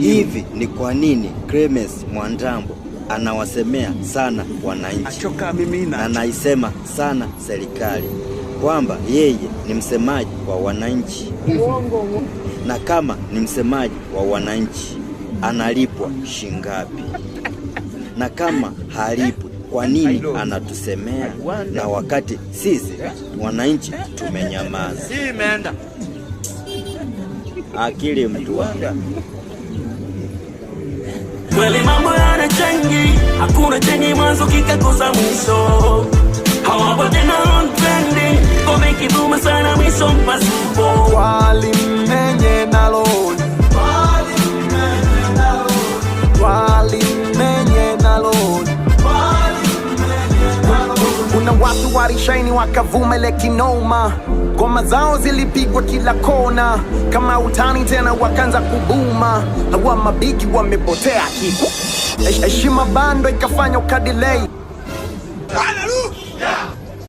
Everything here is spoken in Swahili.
Hivi ni kwa nini Clemens Mwandambo anawasemea sana wananchi na anaisema sana serikali kwamba yeye ni msemaji wa wananchi, na kama ni msemaji wa wananchi analipwa shingapi? Na kama halipwi, kwa nini anatusemea na wakati sisi wananchi tumenyamaza? Akili mtu wanda. kweli mambo yana changi, hakuna chenye mwanzo kikakosa mwisho. Hawapo tena on trending, komikiduma sana mwisho mpasi watu warishaini wakavume kinoma, ngoma zao zilipigwa kila kona, kama utani tena wakanza kubuma. Hawa mabiki wamepotea kiku, heshima bando ikafanya ukadilei